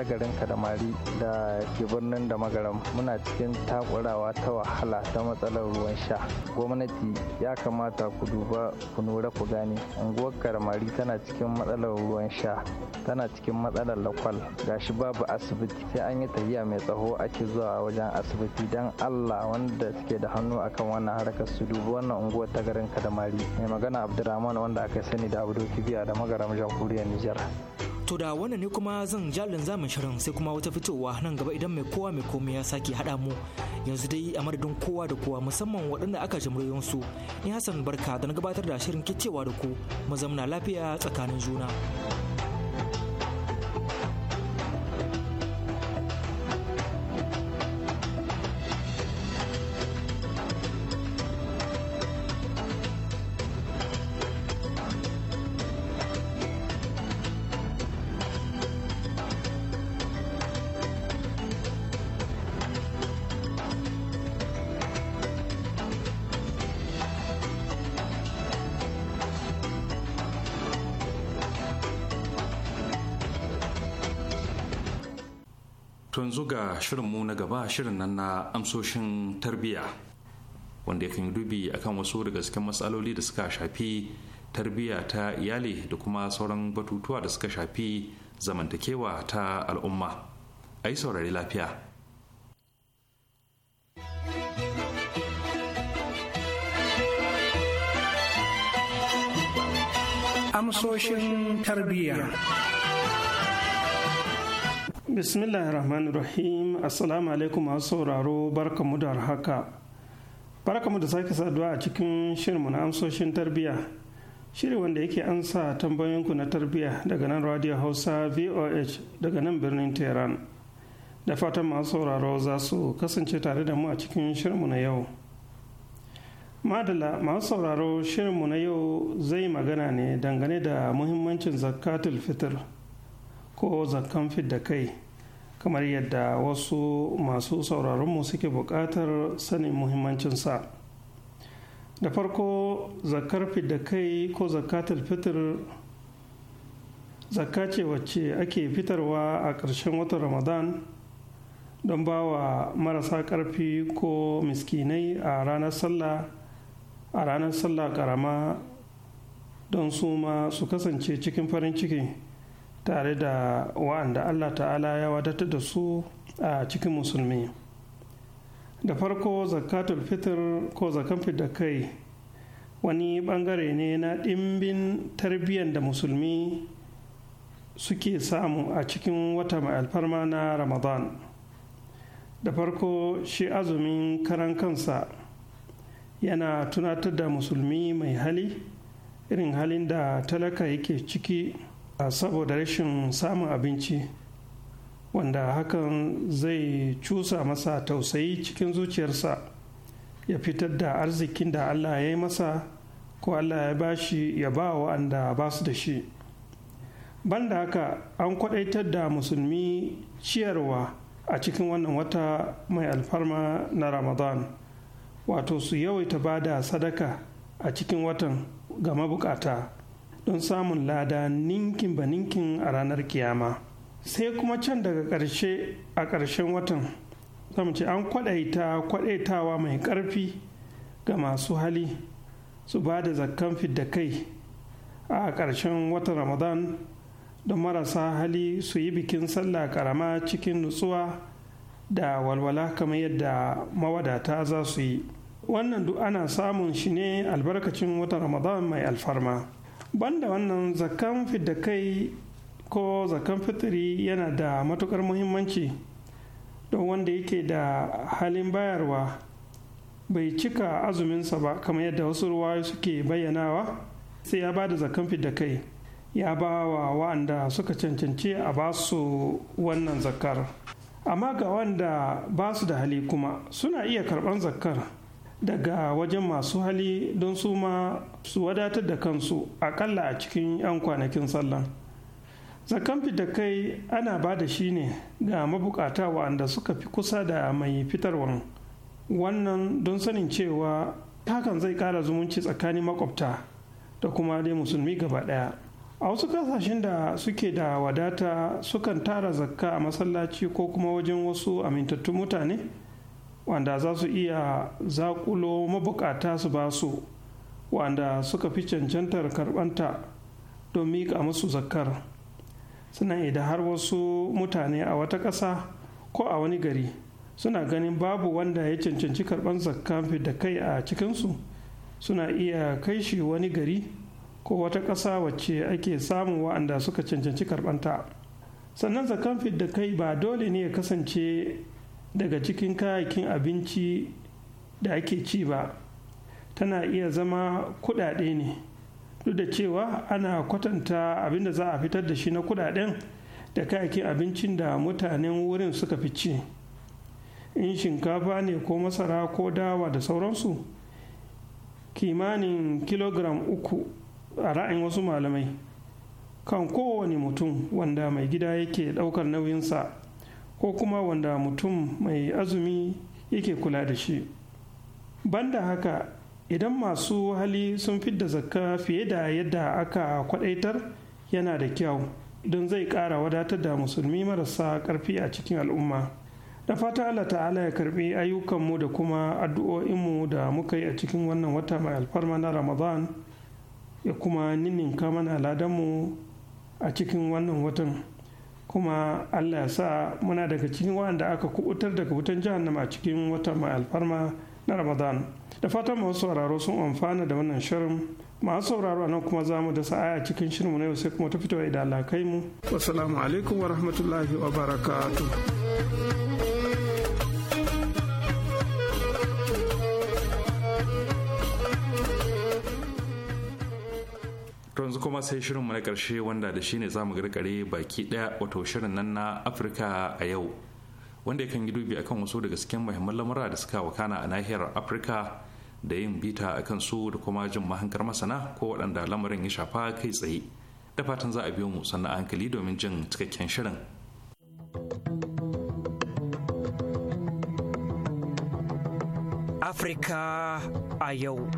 garin kadamari da ke birnin da magaram muna cikin takurawa ta wahala ta matsalar ruwan sha gwamnati ya kamata ku duba ku nura ku gane unguwar karmari tana cikin matsalar ruwan sha tana cikin matsalar lakwal gashi babu asibiti sai an yi tafiya mai tsaho ake zuwa wajen asibiti don allah wanda suke da hannu akan wannan harkar su dubi wannan unguwar ta garin kadamari mai magana abdurrahman wanda aka sani da abdo kibiya da magaram jamhuriyar nijar to da wannan ne kuma zan jalin zamin shirin sai kuma wata fitowa nan gaba idan mai kowa mai komai ya sake haɗa mu yanzu dai a madadin kowa da kowa musamman waɗanda aka jamuriyon su in hassan barka da na gabatar da shirin kicewa da ku mu zamna lafiya tsakanin juna. shirinmu na gaba shirin nan na amsoshin tarbiyya wanda ya yi dubi akan wasu daga cikin matsaloli da suka shafi tarbiyya ta iyali da kuma sauran batutuwa da suka shafi zamantakewa ta al'umma a yi saurari lafiya amsoshin tarbiyya rahim assalamu alaikum masu sauraro barkamu da haka barkamu da sake saduwa a cikin shirinmu na amsoshin tarbiyya shiri wanda yake ansa tambayoyinku na tarbiyya daga nan radio hausa voh daga nan birnin tehran da fatan masu sauraro za su kasance tare da mu a cikin shirinmu na yau madala masu sauraro shirin mu na yau zai magana ne dangane da muhimmancin zakatul fitr ko zakan da kai kamar yadda wasu masu sauraronmu suke buƙatar sanin muhimmancinsa da farko zakar da kai ko zakatar fitr zakka ce wacce ake fitarwa a ƙarshen watan ramadan don ba wa marasa ƙarfi ko miskinai a ranar sallah a ranar sallah ƙarama don su ma su kasance cikin farin ciki tare da wa'anda Allah ta'ala ya wadatar da su a cikin musulmi da farko zakatul fitr ko zakan da kai wani bangare ne na ɗimbin tarbiyyar da musulmi suke samu a cikin wata mai alfarma na ramadan da farko shi azumin karan kansa yana tunatar da musulmi mai hali irin halin da talaka yake ciki saboda rashin samun abinci wanda hakan zai cusa masa tausayi cikin zuciyarsa ya fitar da arzikin da allah ya yi masa ko allah ya bashi ya ba wa'anda ba su da shi banda haka an kwadaitar da musulmi ciyarwa a cikin wannan wata mai alfarma na ramadan wato su yawaita ba da sadaka a cikin watan ga mabukata don samun lada ninkin ba ninkin a ranar kiyama sai kuma can daga ƙarshe a ƙarshen watan zamu ce an kwaɗaita kwaɗaitawa mai ƙarfi ga masu hali su ba da zakkan fidda kai a ƙarshen watan ramadan don marasa hali su yi bikin sallah karama cikin nutsuwa da walwala kamar yadda mawadata za su yi wannan duk ana samun shi ne albarkacin watan ramadan mai alfarma banda wannan zakan fidda kai ko zakan fitiri yana da matukar muhimmanci don wanda yake da halin bayarwa bai cika azuminsa ba kamar yadda wasu ruwa suke bayyanawa sai ya ba da zakan fidda kai ya ba wa wa'anda suka cancanci a ba su wannan zakar amma ga wanda ba su da hali kuma suna iya karban zakar daga wajen masu hali don su ma su wadatar da kansu akalla a cikin 'yan kwanakin sallan. zakan fita kai ana ba da shi ne ga mabukata waɗanda suka fi kusa da mai fitarwan wannan don sanin cewa hakan zai ƙara zumunci tsakanin makwabta da kuma dai musulmi gaba daya a wasu kasashen da suke da wadata sukan tara zakka a masallaci ko kuma wajen wasu amintattun mutane wanda za su iya zakulo mabukata su ba su wanda suka fi cancantar karbanta don mika musu zakkar sannan idan har wasu mutane a wata ƙasa ko a wani gari suna ganin babu wanda ya cancanci karɓar zakkan da kai a cikinsu suna iya kai shi wani gari ko wata ƙasa wacce ake samun wa'anda suka cancanci karɓanta sannan zakkan da kai ba dole ne ya kasance daga cikin kayakin abinci da ake ci ba tana iya zama kudade ne duk da cewa ana kwatanta abin da za a fitar da shi na kudaden da kayakin abincin da mutanen wurin suka fi ci in shinkafa ne ko masara ko dawa da sauransu kimanin kilogram uku a ra'ayin wasu malamai kan kowane mutum wanda mai gida yake ɗaukar nauyinsa ko kuma wanda mutum mai azumi yake kula da shi banda haka idan masu hali sun fidda zakka fiye da yadda aka kwadaitar yana da kyau don zai ƙara wadatar da musulmi marasa karfi a cikin al'umma da fata allah ta'ala ya karbi ayyukanmu da kuma addu'o'inmu da muka yi a cikin wannan wata mai alfarma na ramadan ya kuma ninninka mana aladanmu a cikin wannan watan kuma allah ya sa muna daga cikin wanda aka kubutar daga wutan jahannama a cikin wata mai alfarma na ramadan da fatan masu sauraro sun amfana da wannan shirin masu sauraro a nan kuma za mu da sa'a a cikin mu na yau sai kuma ta fitowa idan alakai mu wasu alaikum wa rahmatullahi wa barakatuh to yanzu kuma sai shirinmu na karshe wanda da shi ne za zamu garkare baki daya wato shirin nan na afirka a yau wanda ya kan yi dubi akan wasu daga cikin muhimman lamura da suka wakana a nahiyar afirka da yin bita a kan su da kuma jin mahankar masana ko waɗanda lamarin ya shafa kai tsaye da fatan za a biyo mu sannan hankali domin jin cikakken shirin afirka a yau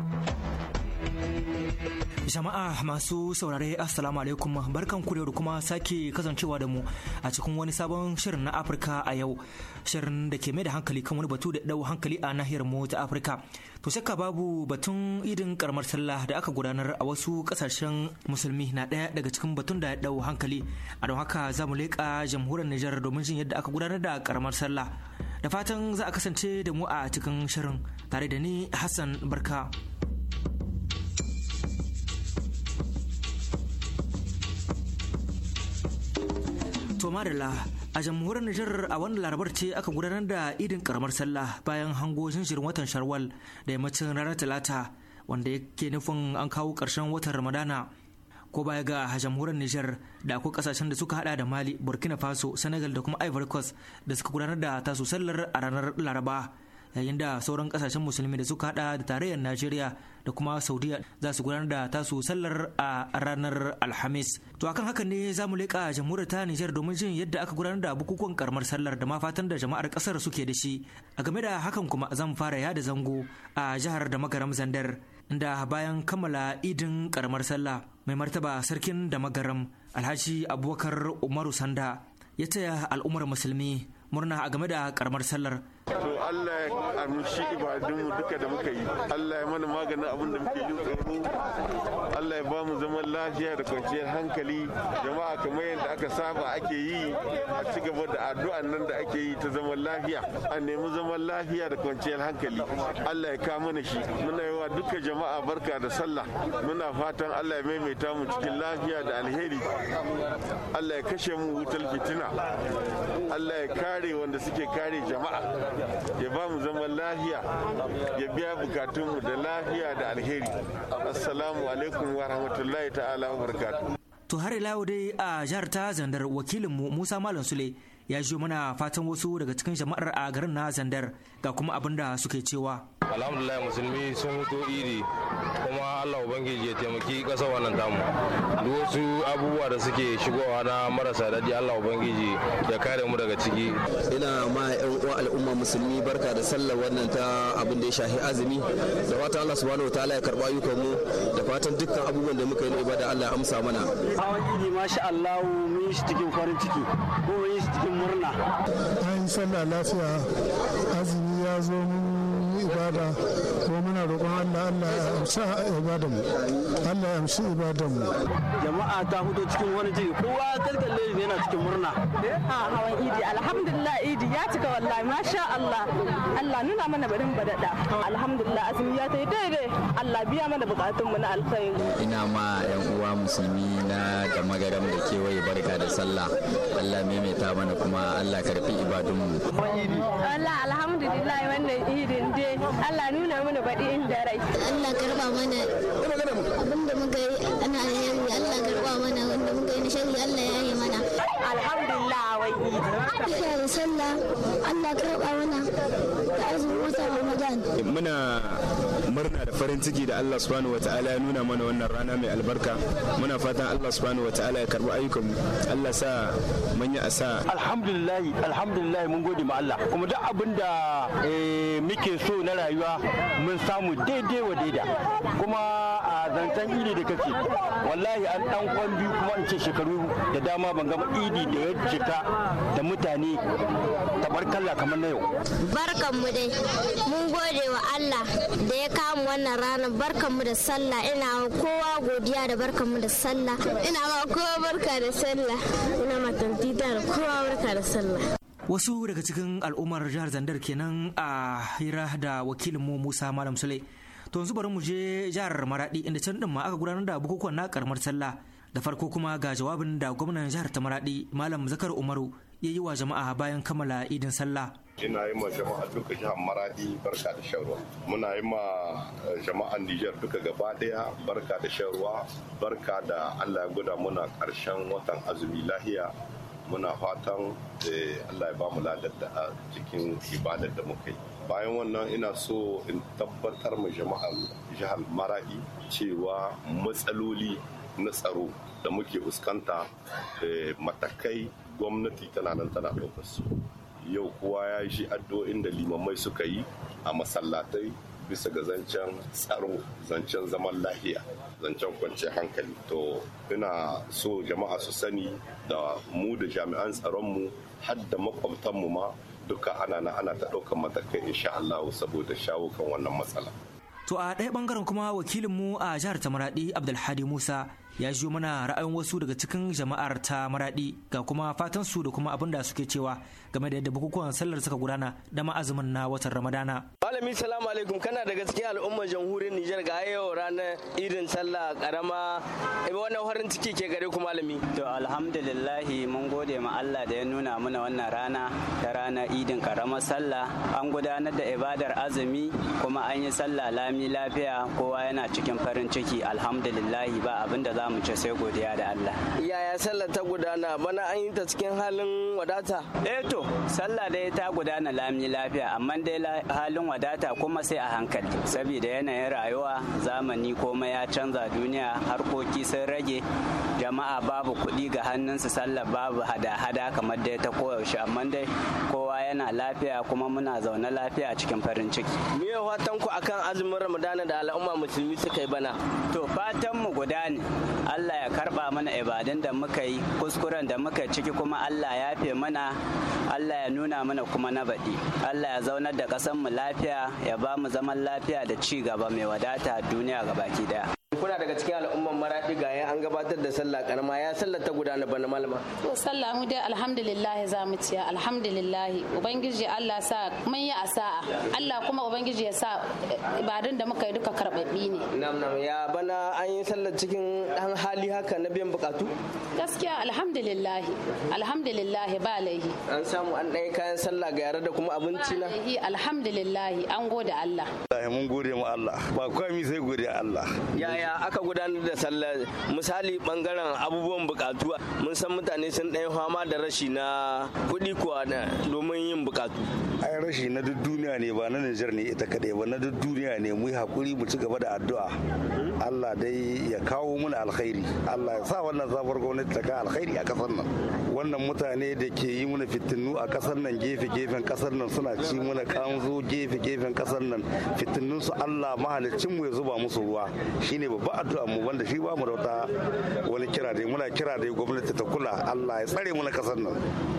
Jama'a masu saurare Assalamu alaikum barkan ku da kuma sake kasancewa da mu a cikin wani sabon shirin na Afirka a yau shirin da ke mai da hankali kan wani batu da dau hankali a nahiyar mu ta Afirka to shakka babu batun idin karamar sallah da aka gudanar a wasu kasashen musulmi na daya daga cikin batun da dau hankali a don haka za mu leƙa jamhuriyar Nijar domin jin yadda aka gudanar da karamar sallah da fatan za a kasance da mu a cikin shirin tare da ni Hassan Barka. To a jamhuriyar Nijar a wannan larabar ce aka gudanar da idin karamar sallah bayan hango shirin watan Sharwal da yammacin ranar Talata wanda yake nufin an kawo karshen watan Ramadana. Ko baya ga a jamhuriyar Nijar da akwai kasashen da suka hada da Mali, Burkina Faso, Senegal da kuma Ivory Coast da suka gudanar da tasu sallar a ranar Laraba. yayin da sauran kasashen musulmi da suka hada da tarayyar najeriya da kuma saudiya za su gudanar da tasu sallar a ranar alhamis to akan haka ne za mu leƙa jamhuriyar ta nijar domin jin yadda aka gudanar da bukukuwan karamar sallar da ma fatan da jama'ar kasar suke da shi a game da hakan kuma zan fara yada zango a jihar da magaram zandar da bayan kammala idin karamar sallah mai martaba sarkin da magaram alhaji abubakar umaru sanda ya taya al'ummar musulmi murna a game da karamar sallar to Allah ya amshi ibadunmu duka da muka yi Allah ya mana maganin abin da muke jin tsoro Allah ya ba mu zaman lafiya da kwanciyar hankali jama'a kamar yadda aka saba ake yi a ci gaba da addu'an nan da ake yi ta zaman lafiya a nemi zaman lafiya da kwanciyar hankali Allah ya ka mana shi muna yi wa duka jama'a barka da sallah muna fatan Allah ya maimaita mu cikin lafiya da alheri Allah ya kashe mu wutar fitina Allah ya kare wanda suke kare jama'a ya ba mu zaman lafiya ya biya bukatunmu da lafiya da alheri assalamu alaikum wa rahmatullahi ta'ala wa barakatuh to har ila dai a jihar ta zandar wakilinmu musa malam sule ya ji mana fatan wasu daga cikin jama'ar a garin na zandar ga kuma abin da suke cewa alhamdulillah musulmi sun fito iri kuma allah ubangiji ya taimaki ƙasar wannan tamu duk wasu abubuwa da suke shigowa na marasa daɗi allah ubangiji ya kare mu daga ciki ina ma yan uwa al'umma musulmi barka da sallar wannan ta abin da ya shafi azumi da fatan allah subhanahu wa ta'ala ya karɓa ayyukan mu da fatan dukkan abubuwan da muka yi na ibada allah ya amsa mana hawan idi masha allah mun yi shi cikin farin ciki ko mun yi shi cikin murna Ayin sallah lafiya azumi ya zo mun ibada ko muna roƙon Allah Allah ya amsa ibadan mu Allah ya amsa ibadan mu jama'a ta hudo cikin wani jiri kowa kalkalle yana cikin murna a hawan idi alhamdulillah idi ya cika wallahi masha Allah Allah nuna mana barin badada alhamdulillah azumi ya tai daidai Allah biya mana bukatun mu na alkhairi ina ma yan uwa musulmi na da magaram da kewaye barka da sallah Allah maimaita mana kuma Allah karfi ibadun mu Allah alhamdulillah wannan idin dai Allah nuna mana baɗi inda rai. Allah karba mana abinda muka yi ana alheri Allah karba mana wanda muka yi na shari'a Allah ya yi mana. Alhamdulillah. Allah wa da sallah Allah karɓa mana da azumin wata Ramadan. Muna murna da farin ciki da Allah subhanahu wataala ya nuna mana wannan rana mai albarka. Muna fatan Allah subhanahu wataala ya karɓi ayyukan Allah sa manya a sa. Alhamdulillah alhamdulillah mun gode ma Allah kuma duk abin da eh, muke so na rayuwa mun samu daidai wa daidai kuma zancen idi da kake wallahi an dan kwan biyu kuma in ce shekaru da dama ban gama idi da ya jika da mutane tabarkalla kamar na yau barkan mu dai mun gode wa Allah da ya kamu wannan ranar barkan mu da sallah ina kowa godiya da barkan mu da sallah ina ma kowa barka da sallah ina tantita da kowa barka da sallah wasu daga cikin al'ummar jihar zandar kenan a hira da wakilinmu musa malam sule to yanzu bari mu je jihar maradi inda can din ma aka gudanar da bukukuwan na karamar sallah da farko kuma ga jawabin da gwamnan jihar ta maradi malam zakar umaru ya yi wa jama'a bayan kammala idin sallah ina yi ma jama'a duka jihar maradi barka da shan muna yi ma eh, jama'an niger duka gaba daya barka da shan barka da allah ya guda muna karshen watan azumi lahiya muna fatan eh, allah ya ba mu ladar da cikin ibadar da muka yi bayan wannan ina so in tabbatar ma jama'ar jihar mara'i cewa matsaloli na tsaro da muke fuskanta eh, matakai gwamnati tana nan tana ɗaukar su yau kuwa ya ji addu'o'in da limamai suka yi a masallatai bisa ga zancen tsaro zancen zaman lahiya zancen kwanci hankali to ina so jama'a su sani da mu da jami'an tsaronmu har da makwabtanmu ma duka ana na ana ta ɗaukan matakai insha Allah saboda shawo kan wannan matsala. To a ɗaya ɓangaren kuma wakilin mu a jihar ta Maraɗi Abdulhadi Musa ya ji mana ra'ayin wasu daga cikin jama'ar ta Maraɗi ga kuma fatan su da kuma abin da suke cewa game da yadda bukukuwan sallar suka gudana da ma'azumin azumin na watan Ramadana. malami salamu alaikum kana da gaske al'ummar jamhuriyar nijar ga yau ranar irin sallah karama wannan farin ciki ke gare ku malami to alhamdulillahi mun gode ma Allah da ya nuna mana wannan rana ta rana idin karamar sallah an gudanar da ibadar azumi kuma an yi sallah lami lafiya kowa yana cikin farin ciki alhamdulillahi ba abin da zamu ce sai godiya da Allah yaya sallah ta gudana bana an yi ta cikin halin wadata eh to sallah dai ta gudana lami lafiya amma dai halin wadata kuma sai a hankali saboda yanayin rayuwa zamani komai ya canza duniya harkoki sun rage jama'a babu kuɗi ga hannunsu sallar babu hada-hada kamar dai ta koyaushe amma dai kowa yana lafiya kuma muna zaune lafiya cikin farin ciki. Me fatan ku akan azumin Ramadana da al'umma musulmi suka yi bana? To fatan mu guda ne. Allah ya karba mana ibadun da muka yi kuskuren da muka ciki kuma Allah ya fe mana Allah ya nuna mana kuma na baɗi. Allah ya zaunar da ƙasar mu lafiya lafiya ya ba mu zaman lafiya da ci gaba mai wadata duniya gabaki daya kuna daga cikin al'umman maradi ga ya an gabatar da sallah karama ya sallar ta gudana bana malama to sallah mu dai alhamdulillah za mu ciya alhamdulillah ubangiji Allah sa mun yi asa'a Allah kuma ubangiji ya sa ibadun da muka yi duka karbabbi ne nam nam ya bana an yi sallar cikin dan hali haka na biyan bukatu gaskiya alhamdulillah alhamdulillah ba laihi an samu an ɗaya kayan sallah ga yare da kuma abinci na alhamdulillah an gode Allah mun gode mu Allah ba kwami sai gode Allah yaya aka gudanar da sallar misali bangaren abubuwan bukatu mun san mutane sun ɗan fama da rashi na kuɗi kuwa domin yin bukatu ai rashi na duniya ne ba na Nijar ne ita kaɗai ba na duk duniya ne mu yi haƙuri mu ci gaba da addu'a Allah dai ya kawo muna alkhairi Allah ya sa wannan sabuwar gwamnati ta kawo alkhairi a kasar nan wannan mutane da ke yi muna fitinu a kasar nan gefe gefen kasar nan suna ci muna kanzo gefe gefen kasar nan fitinun su Allah mahalicin mu ya zuba musu ruwa shine babban addu'a mu wanda shi ba mu rauta. wani kira dai muna kira dai gwamnati ta kula Allah ya tsare muna kasar nan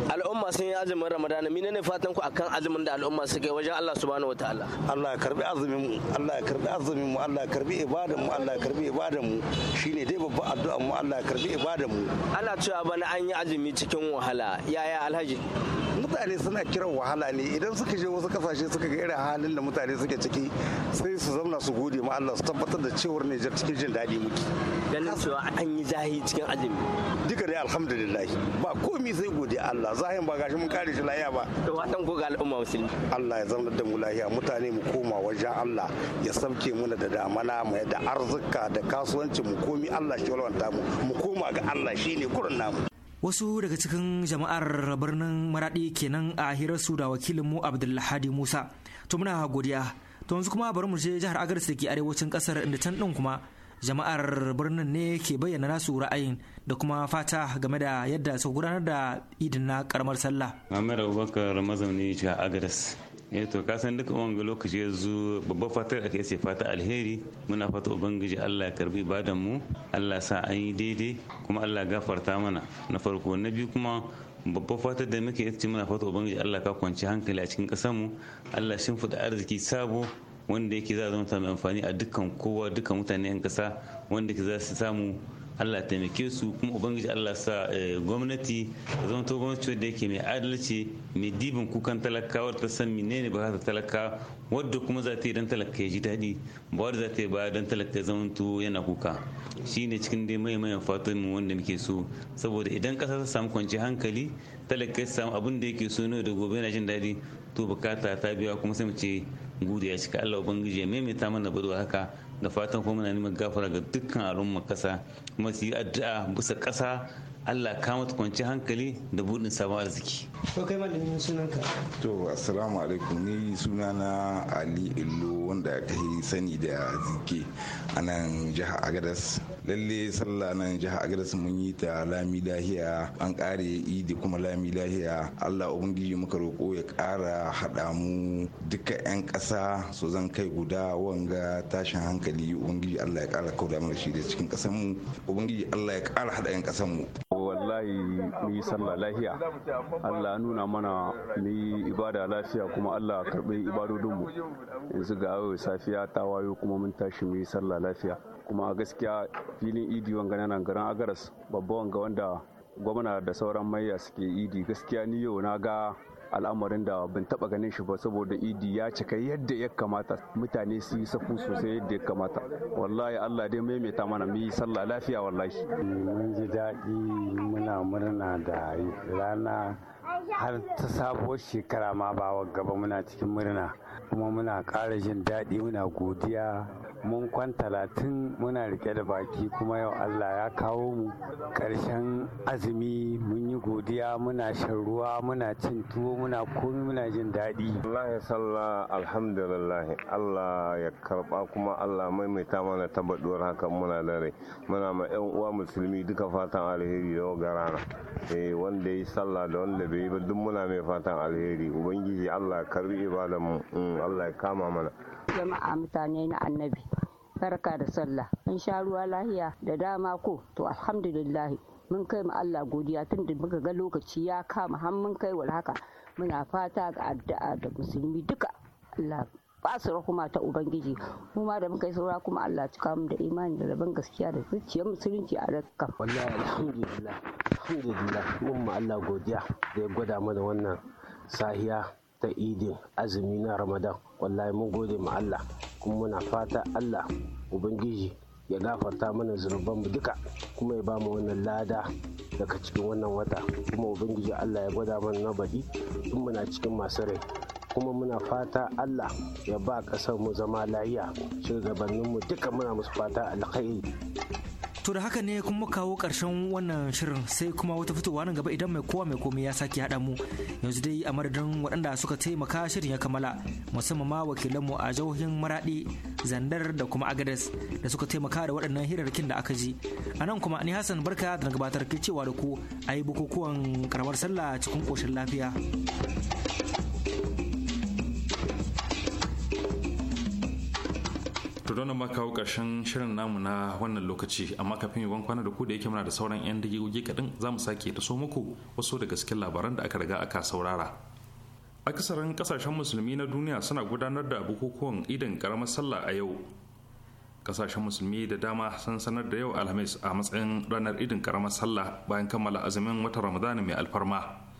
al'umma sun yi azumin Ramadana mine ne fatan ku akan azumin da al'umma suke wajen Allah subhanahu wataala Allah ya karbi azumin mu Allah ya karbi azumin mu Allah ya karbi ibadan mu Allah Allah ya karbi ibadan mu shine dai babban addu'a mu Allah ya karbi ibadan mu ana cewa bana an yi azumi cikin wahala yaya alhaji mutane suna kiran wahala ne idan suka je wasu kasashe suka ga irin halin da mutane suke ciki sai su zauna su gode ma Allah su tabbatar da cewar jar cikin jin daɗi muke ganin cewa an yi zahi cikin azumi duka dai alhamdulillah ba komi sai gode Allah zahin ba gashi mun kare shi lahiya ba da wa ko goga al'umma musulmi Allah ya zama da mu lahiya mutane mu koma wajen Allah ya sabke muna da damana mu da arzuka da kasuwanci mu komi Allah shi walwanta mu mu koma ga Allah shine kurin namu wasu daga cikin jama'ar birnin maradi kenan a hirarsu da wakilinmu abdullahi musa to muna godiya to yanzu kuma bari mu je jihar agadis da ke arewacin kasar inda can din kuma jama'ar birnin ne ke bayyana nasu ra'ayin da kuma fata game da yadda suka gudanar da idin na karamar sallah Muhammad Abubakar mazauni jihar Agadas eh to ka san duka wanga lokaci ya zo babbar fatar ake ce fata alheri muna fata ubangiji Allah ya karbi ibadan mu Allah sa an yi daidai kuma Allah gafarta mana na farko na biyu kuma babbar fatar da muke ita ce muna fata ubangiji Allah ka kwanci hankali a cikin kasar mu Allah shin arziki sabo wanda yake za a zama mai amfani a dukkan kowa dukkan mutane 'yan kasa wanda ke za su samu Allah taimake su kuma ubangiji Allah sa eh, gwamnati zama to gwamnati wadda yake mai adalci mai dibin kukan talakawa ta san menene ba ta talaka wadda kuma za ta yi don talaka ji daɗi ba wadda za ta yi ba don talaka ya to yana kuka shi ne cikin dai mai mayan fatan mu wanda muke so saboda idan ƙasa ta samu kwanci hankali talaka ya samu abin da yake so ne da gobe yana jin daɗi to bukata ta biya kuma sai mu ce gudu ya cika Allah ubangiji ya maimaita mana budurwa haka da fatan kuma muna neman gafara ga dukkan al'umma kasa kuma su yi addu'a bisa ƙasa Allah ka mata kwanci hankali da buɗin sabon arziki. To kai malamin sunanka. To assalamu alaikum ni sunana Ali Illo wanda ta yi sani da zike a nan jihar Agadas. Lalle sallah nan jihar Agadas mun yi ta lami lahiya an kare idi kuma lami lahiya Allah ubangiji muka roƙo ya ƙara haɗa mu duka 'yan ƙasa So zan kai guda wanga tashin hankali ubangiji Allah ya ƙara kauda mana shi da cikin ƙasar mu ubangiji Allah ya ƙara haɗa 'yan ƙasar mu. wallahi mu sallah lahiya Allah nuna mana mu ibada lafiya kuma Allah karbi ibadodin mu yanzu ga yau safiya ta wayo kuma mun tashi mu yi sallah lafiya kuma gaskiya filin idi wanga nan garin agaras babba wanga wanda gwamna da sauran mayya suke idi gaskiya ni yau na ga al'amarin da ban taba ganin shi ba saboda idi ya cika yadda ya kamata mutane su yi safu sosai yadda ya kamata wallahi Allah dai maimaita mana mu yi sallah lafiya wallahi mun ji daɗi muna murna da rana har ta sabuwar shekara ma ba wa gaba muna cikin murna kuma muna ƙara jin daɗi muna godiya mun kwan talatin muna rike da baki kuma yau allah ya kawo mu ƙarshen azumi mun yi godiya muna shan ruwa muna cin tuwo muna komi muna jin daɗi allah ya sallah alhamdulillah allah ya karɓa kuma allah maimaita mana tabbaduwar hakan muna da rai muna ma yan uwa musulmi duka fatan alheri da rana eh wanda ya sallah da wanda bai yi ba duk muna mai fatan alheri ubangiji allah karbi ibadan mu mm, allah ya kama mana jama'a mutane na annabi barka da sallah an sha ruwa lahiya da dama ko to alhamdulillah mun kai mu Allah godiya da muka ga lokaci ya kama har mun kai wal haka muna fata ga addu'a da musulmi duka Allah ba su rahuma ta ubangiji mu ma da muka yi saura kuma Allah cika mu da imani da rabon gaskiya da zuciyar musulunci a rakka wallahi alhamdulillah alhamdulillah mun ma Allah godiya da ya gwada mana wannan sahiya ta idin azumi na ramadan wallahi mun gode ma Allah kuma muna fata allah ubangiji ya gafarta mana zunubanmu duka kuma ya bamu wannan lada daga cikin wannan wata kuma ubangiji allah ya gwada mana na baɗi muna cikin masu rai kuma muna fata allah ya ba ƙasar mu zama lafiya mu duka muna musu fata alkhairi To da haka ne kuma kawo ƙarshen wannan shirin sai kuma wata fitowa nan gaba idan mai kowa mai komai ya sake haɗa mu yanzu dai a madadin waɗanda suka taimaka shirin ya kammala musamman ma wakilanmu a jihohin Maraɗi, Zandar da kuma Agadez da suka taimaka da waɗannan hirarkin da aka ji. A nan kuma ni Hassan Barka da na gabatar ke cewa da ku a yi bukukuwan karamar sallah cikin ƙoshin lafiya. to don ma kawo ƙarshen shirin namu na wannan lokaci amma kafin yawan kwana da ku da yake muna da sauran 'yan dagigogi kaɗan za mu sake ta so muku wasu daga cikin labaran da aka riga aka saurara akasarin kasashen musulmi na duniya suna gudanar da bukukuwan idan karamar sallah a yau kasashen musulmi da dama sun sanar da yau alhamis a matsayin ranar idin karamar sallah bayan kammala azumin watan ramadana mai alfarma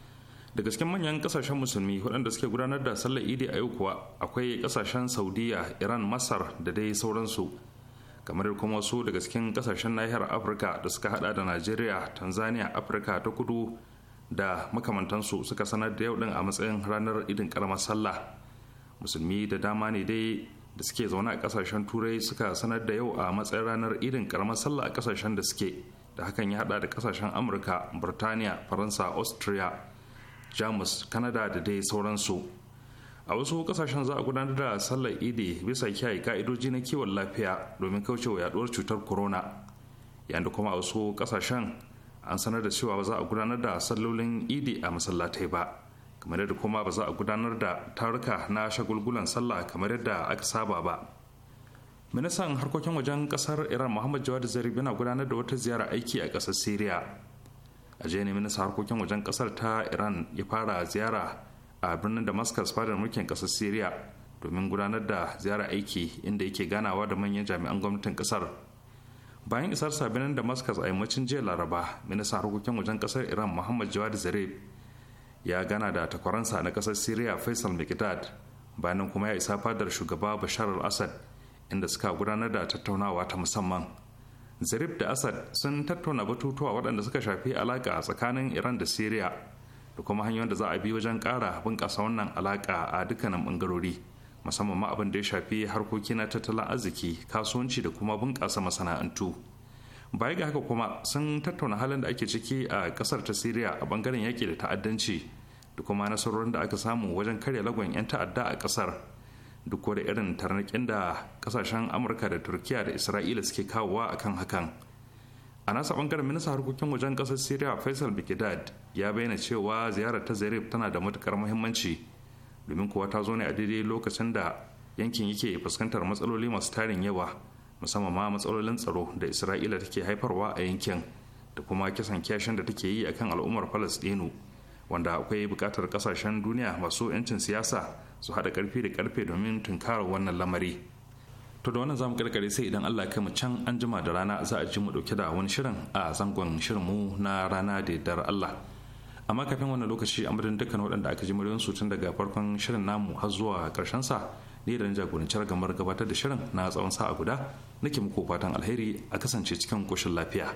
da gasken manyan kasashen musulmi waɗanda suke gudanar da sallar idi a yau kuwa akwai kasashen saudiya iran masar da dai sauransu kamar kuma wasu daga cikin kasashen nahiyar afirka da suka hada da najeriya tanzania afirka ta kudu da makamantansu suka sanar da yau din a matsayin ranar idin karamar sallah musulmi da dama ne dai da suke zaune a kasashen turai suka sanar da yau a matsayin ranar idin karamar sallah a kasashen da suke da hakan ya hada da kasashen amurka burtaniya faransa austria jamus kanada da dai sauransu a wasu kasashen za a gudanar da sallar idi bisa kiyaye ka'idoji na kiwon lafiya domin kaucewa yaduwar cutar corona yayin da kuma a wasu kasashen an sanar da cewa ba za a gudanar da sallolin idi a masallatai ba kamar yadda kuma ba za a gudanar da taruka na shagulgulan sallah kamar yadda aka saba ba ministan harkokin wajen kasar iran muhammad jawad zarif yana gudanar da wata ziyara aiki a kasar syria a jiya ne minista harkokin wajen kasar ta iran ya fara ziyara a birnin damascus fadar mulkin kasar syria domin gudanar da ziyara aiki inda yake ganawa da manyan jami'an gwamnatin kasar bayan isar sabinin damascus a yammacin jiya laraba minista harkokin wajen kasar iran muhammad jawad zarif ya gana da takwaransa na kasar syria faisal mikitad bayanan kuma ya isa fadar shugaba bashar al-assad inda suka gudanar da tattaunawa ta musamman zarif da asad sun tattauna batutuwa waɗanda suka shafi alaƙa tsakanin iran da syria da kuma hanyoyin da za a bi wajen ƙara bunƙasa wannan alaƙa a dukkanin ɓangarori musamman ma abin da ya shafi harkoki na tattalin arziki kasuwanci da kuma bunƙasa masana'antu baya ga haka kuma sun tattauna halin da ake ciki a ƙasar ta syria a ɓangaren yaƙi da ta'addanci da kuma nasarorin da aka samu wajen karya lagon 'yan ta'adda a ƙasar duk wani irin tarnakin da kasashen amurka da turkiya da isra'ila suke kawowa akan hakan a nasa bangaren minista harkokin wajen ƙasar syria faisal bikidad ya bayyana cewa ziyarar ta zarif tana da matukar muhimmanci domin kuwa ta zo ne a daidai lokacin da yankin yake fuskantar matsaloli masu tarin yawa musamman ma matsalolin tsaro da isra'ila take haifarwa a yankin da kuma kisan kyashin da take yi akan al'ummar falastinu wanda akwai bukatar ƙasashen duniya masu 'yancin siyasa su haɗa ƙarfi da ƙarfe domin tunkarar wannan lamari to da wannan zamu karkare sai idan Allah kai mu can an jima da rana za a ji mu dauke da wani shirin a zangon shirin mu na rana da dar Allah amma kafin wannan lokaci a madadin dukkan waɗanda aka ji muryoyin su tun daga farkon shirin namu har zuwa karshen sa ni da jagoranci gamar gabatar da shirin na tsawon sa'a guda nake muku fatan alheri a kasance cikin koshin lafiya